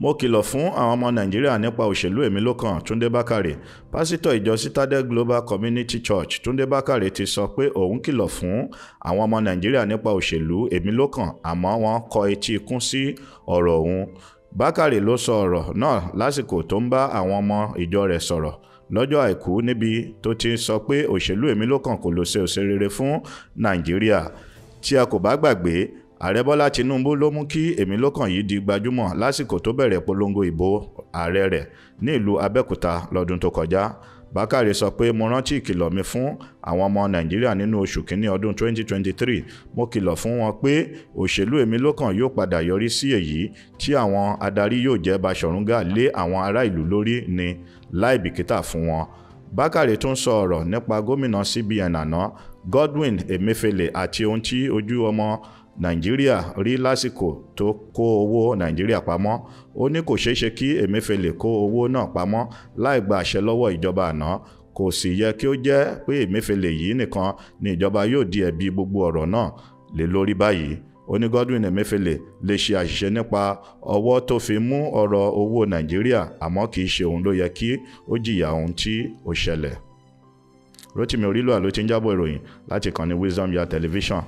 mo kìlọ̀ fún àwọn ọmọ nàìjíríà nípa òṣèlú èmi ló kàn túndé bákàrè pásítọ̀ ìjọ citadel global community church túndé bákàrè ti sọ pé òun kìlọ̀ fún àwọn ọmọ nàìjíríà nípa òṣèlú èmi ló kàn àmọ́ wọ́n kọ etí ikún sí ọ̀rọ̀ òun bákàrè ló sọ ọ̀rọ̀ náà lásìkò tó ń bá àwọn ọmọ ìjọ rẹ̀ sọ̀rọ̀ lọ́jọ́ àìkú níbi tó ti sọ pé òṣèlú èmi ló kò lọ ṣe òṣèrere fún nàìjíríà tí a kò bá gbàgbé ààrẹ bọ́lá tinubu ló mú kí èmi lọ́kàn yìí di gbajúmọ̀ lásìkò tó bẹ̀rẹ̀ polongo ìbò ààrẹ rẹ̀ ní ìlú abẹ́òkúta lọ́dún tó kọjá bákàrẹ sọ pé mo rántí ìkìlọ̀ mi fún àwọn ọmọ nàìjíríà nínú oṣù kínní ọdún 2023 mo kìlọ̀ fún wọn pé òṣèlú èmi lọ́kàn yóò padà yọrí sí èyí tí àwọn adarí yóò jẹ́ Baṣọ̀run lé àwọn ará ìlú lórí ni láì bìkítà fún wọn bákàrẹ tún sọ ọ̀rọ̀ nípa gómìnà cbn àná Godwin emefele àti ohun tí ojú ọmọ nàìjíríà rí lásìkò tó kó owó nàìjíríà pamọ́ ó ní kò ṣeé ṣe kí emefiele kó owó náà pamọ́ láì gba àṣẹ lọ́wọ́ ìjọba àná kò sì yẹ kí ó jẹ́ pé emefiele yìí nìkan ni ìjọba yóò di ẹ̀bi gbogbo ọ̀rọ̀ náà lé lórí báyìí ó ní Godwin emefiele lè ṣe àṣìṣe nípa ọwọ́ tó fi mú ọ̀rọ̀ owó nàìjíríà àmọ́ kì í ṣe òun ló yẹ kí ó jìyà ohun tí ó ṣẹlẹ̀ Rotimi Orílùwà ló ti ń jábọ̀ ìròyìn láti kàn ní Wisdom Yard television